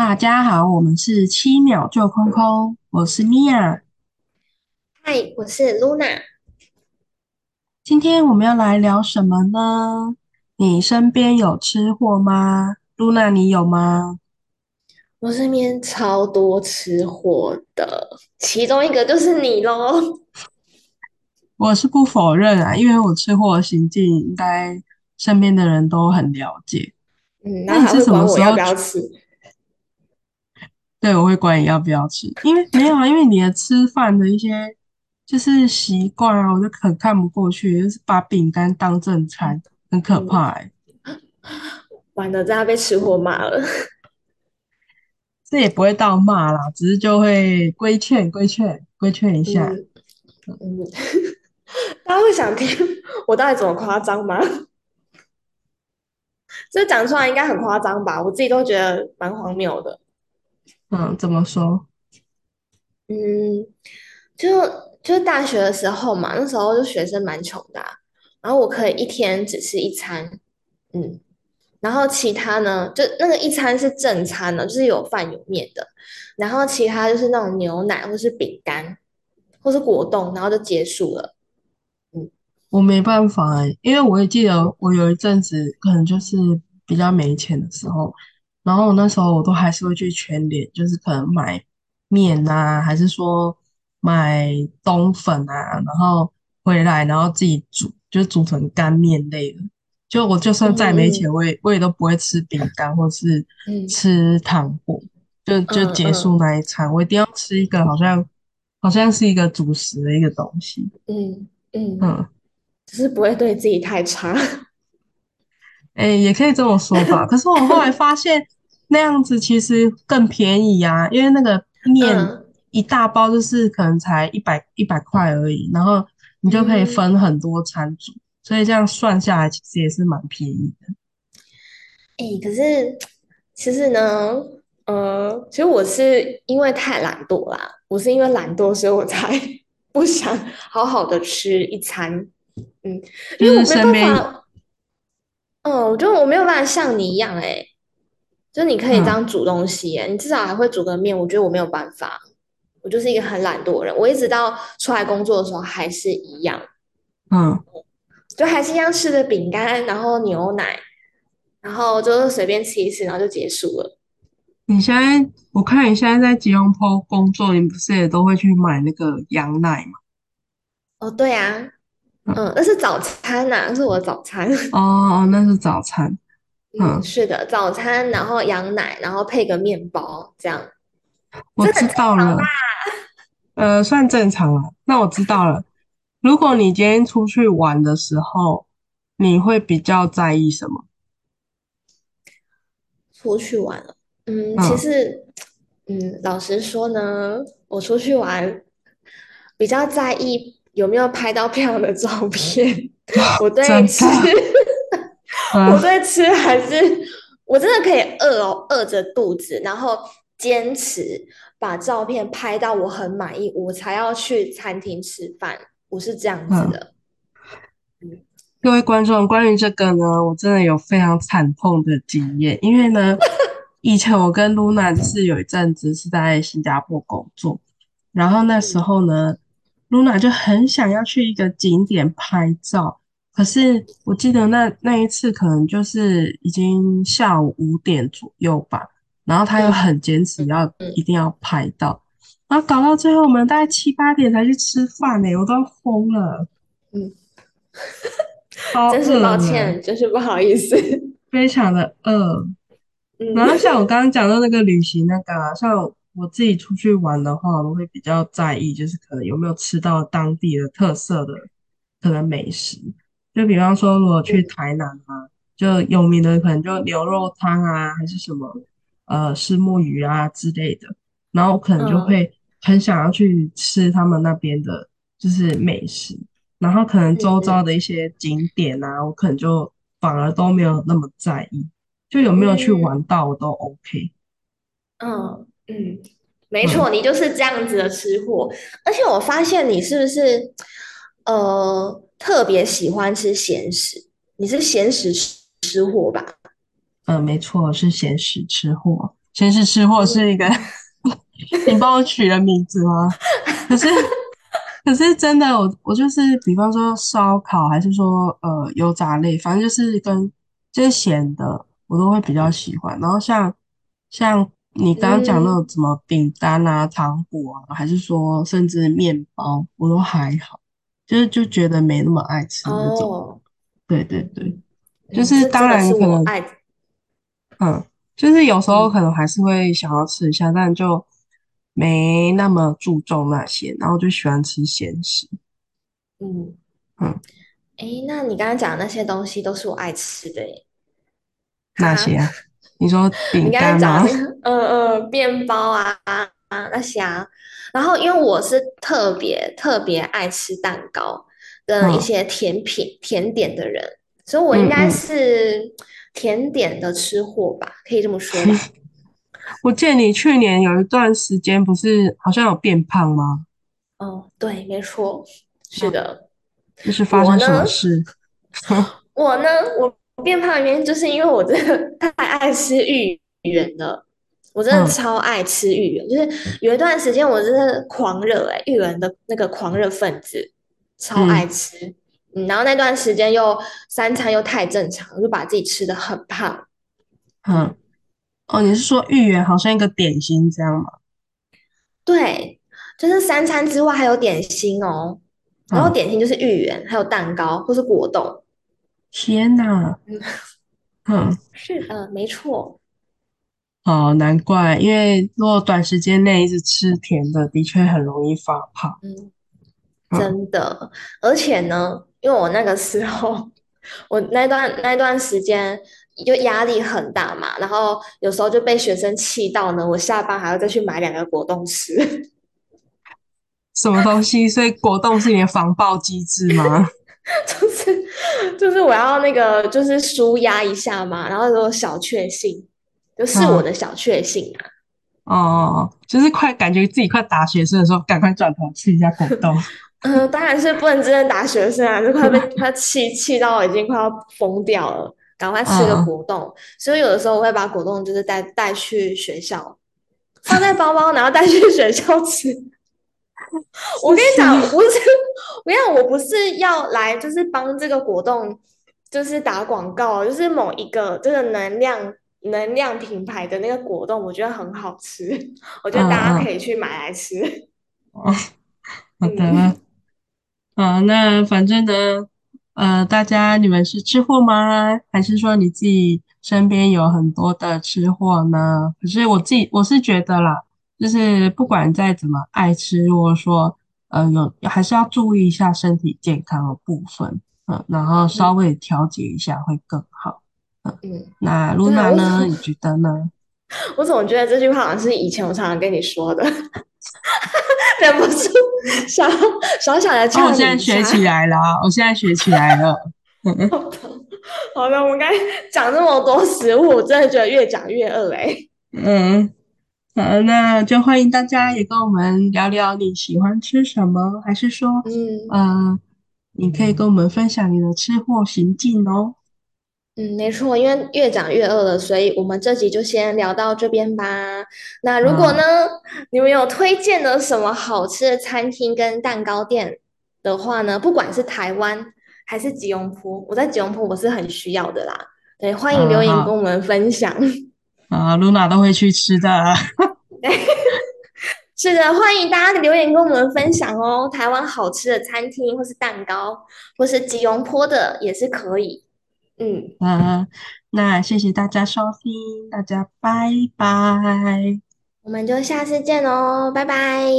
大家好，我們是七秒就空空，我是尼婭，嗨，Hi, 我是 Luna。今天我們要來聊什麼呢？你身邊有吃貨嗎？Luna，你有嗎？我身邊超多吃貨的，其中一個就是你嘍。 我是不否認啊，因為我吃貨的行徑，應該身邊的人都很了解。嗯，那你是什麼時候對，我會管你要不要吃，因為沒有啊，因為你的吃飯的一些就是習慣啊，我就很看不過去，就是把餅乾當正餐，很可怕欸。嗯。完了，這樣被吃貨罵了。這也不會到罵啦，只是就會規勸、規勸、規勸一下。嗯，嗯 大家會想聽我到底怎麼誇張嗎？這講出來應該很誇張吧，我自己都覺得蠻荒謬的。嗯，怎麼說？嗯，就就大學的時候嘛，那時候就學生蠻窮的啊，然後我可以一天只吃一餐，嗯，然後其他呢，就那個一餐是正餐的，就是有飯有麵的，然後其他就是那種牛奶或是餅乾或是果凍，然後就結束了。嗯，我沒辦法欸，因為我也記得我有一陣子可能就是比較沒錢的時候。然後我那時候我都還是會去全聯，就是可能買麵啊，還是說買冬粉啊，然後回來然後自己煮，就煮成乾麵類的。就我就算再沒錢，嗯我也，我也都不會吃餅乾或是吃糖果，嗯、就就結束那一餐。嗯嗯、我一定要吃一個好像好像是一個主食的一個東西。嗯嗯嗯，嗯嗯只是不會對自己太差。哎、欸，也可以這麼說吧。可是我後來發現，那樣子其實更便宜啊， 因為那個麵一大包就是可能才一百一百塊而已，嗯、然後你就可以分很多餐煮，嗯、所以這樣算下來其實也是蠻便宜的。哎、欸，可是其實呢，呃，其實我是因為太懶惰啦，我是因為懶惰，所以我才不想好好的吃一餐，嗯，因為我沒哦，我覺得我沒有辦法像你一樣哎、欸，就是你可以這樣煮東西哎、欸，嗯、你至少還會煮個麵。我覺得我沒有辦法，我就是一個很懶惰的人。我一直到出來工作的時候還是一樣，嗯，就還是一樣吃的餅乾，然後牛奶，然後就是隨便吃一吃，然後就結束了。你現在，我看你現在在吉隆坡工作，你不是也都會去買那個羊奶嗎？哦，對啊。嗯，嗯那是早餐吶、啊，嗯、是我早餐哦。那是早餐，嗯，嗯是的，早餐，然後羊奶，然後配個麵包，這樣。我知道了，呃、嗯，算正常了。 那我知道了。如果你今天出去玩的時候，你會比較在意什麼？出去玩了，嗯，嗯其實，嗯，老實說呢，我出去玩比較在意，有沒有拍到漂亮的照片？ 我在吃，怕 我在吃，還是、嗯、我真的可以餓哦，餓着肚子，然後堅持把照片拍到我很滿意，我才要去餐廳吃飯。我是這樣子的。嗯、各位觀眾，關於這個呢，我真的有非常慘痛的經驗，因為呢， 以前我跟嚕那是有一陣子是在新加坡工作，然後那時候呢。嗯嚕那就很想要去一個景點拍照，可是我記得那那一次可能就是已經下午五點左右吧，然後她又很堅持要一定要拍到，嗯、然後搞到最後我們大概七八點才去吃飯呢、欸，我都瘋了。嗯，真是抱歉，真是抱歉、就是不好意思。非常的餓，然後像我剛剛講到那個旅行那個、啊、像。我自己出去玩的話，我會比較在意，就是可能有沒有吃到當地的特色的可能美食。就比方說，如果去台南啊，嗯、就有名的可能就牛肉湯啊，還是什麼呃虱目魚啊之類的。然後我可能就會很想要去吃他們那邊的，就是美食。嗯、然後可能周遭的一些景點啊，嗯、我可能就反而都沒有那麼在意，就有沒有去玩到都 OK。嗯。嗯嗯，沒錯，你就是這樣子的吃貨，嗯、而且我發現你是不是呃特別喜歡吃鹹食？你是鹹食吃貨吧？嗯、呃，沒錯，是鹹食吃貨。鹹食吃貨是一個，嗯、 你幫我取了名字嗎？ 可是可是真的，我我就是，比方說燒烤，還是說呃油炸類，反正就是跟就是鹹的，我都會比較喜歡。然後像像。你剛剛講那種什麼餅乾啊、嗯、糖果啊，還是說甚至麵包，我都還好，就是就覺得沒那麼愛吃那種。哦、對對對，嗯、就是當然可能，愛嗯，就是有時候可能還是會想要吃一下，嗯、但就沒那麼注重那些，然後就喜歡吃鹹食。嗯嗯，誒、嗯欸，那你剛剛講的那些東西都是我愛吃的耶，那，那些啊？你說餅乾，嗯嗯、呃呃，麵包啊，啊那些啊。然後因為我是特別特別愛吃蛋糕跟一些甜品，哦、甜點的人，所以我應該是甜點的吃貨吧，嗯嗯，可以這麼說吧。 我見你去年有一段時間不是好像有變胖嗎？哦，對，沒錯，是的。就是發生什麼事？我呢， 我呢？我。我變胖原因就是因為我真的太愛吃芋圓了，我真的超愛吃芋圓，嗯、就是有一段時間我真的狂熱哎、欸，芋圓的那個狂熱分子，超愛吃。嗯，嗯，然後那段時間又三餐又太正常，我就把自己吃的很胖，嗯。哦，你是說芋圓好像一個點心這樣嗎？對，就是三餐之外還有點心哦，然後點心就是芋圓，還有蛋糕或是果凍。天吶，嗯，是、啊，嗯，沒錯，哦，難怪，因為如果短時間內一直吃甜的，的確很容易發胖，嗯，真的，嗯、而且呢，因為我那個時候，我那段那段時間就壓力很大嘛，然後有時候就被學生氣到呢，我下班還要再去買兩個果凍吃，什麼東西？所以果凍是你的防暴機制嗎？ 就是。就是我要那個，就是舒壓一下嘛，然後說小確幸，就是我的小確幸啊。哦、嗯嗯，就是快感覺自己快打學生的時候，趕快轉頭吃一下果凍。嗯，當然是不能真正打學生啊，就快被他氣氣到我已經快要瘋掉了，趕快吃個果凍。嗯、所以有的時候我會把果凍就是帶帶去學校，放在包包，然後帶去學校吃。 我跟你講，不是，不要，我不是要來，就是幫這個果凍，就是打廣告，就是某一個這個能量能量品牌的那個果凍，我覺得很好吃，我覺得大家可以去買來吃。嗯哦、好的，啊、嗯嗯，那反正呢，呃，大家你們是吃貨嗎？還是說你自己身邊有很多的吃貨呢？可是我自己我是覺得啦。就是不管再怎麼愛吃，如果說呃有還是要注意一下身體健康的部分，嗯，然後稍微調節一下會更好。嗯，嗯嗯，那嚕那呢？對你覺得呢？我怎麼覺得這句話好像是以前我常常跟你說的，忍 不住想想想着。我現在學起來了，我現在學起來了。 好，的好的，我們剛才講那麼多食物，我真的覺得越講越餓哎、欸。嗯。好，那就歡迎大家也跟我們聊聊你喜歡吃什麼，還是說，嗯，呃，你可以跟我們分享你的吃貨行徑哦。嗯，沒錯，因為越講越餓了，所以我們這集就先聊到這邊吧。那如果呢，啊、你們有推薦了什麼好吃的餐廳跟蛋糕店的話呢，不管是台灣還是吉隆坡，我在吉隆坡我是很需要的啦。對，歡迎留言跟我們分享。啊啊，露娜、uh, 都會去吃的， 是的，歡迎大家留言跟我們分享哦，台灣好吃的餐廳或是蛋糕或是吉隆坡的也是可以。嗯嗯，uh, 那謝謝大家收聽，大家拜拜，我們就下次見嘍、哦，拜拜。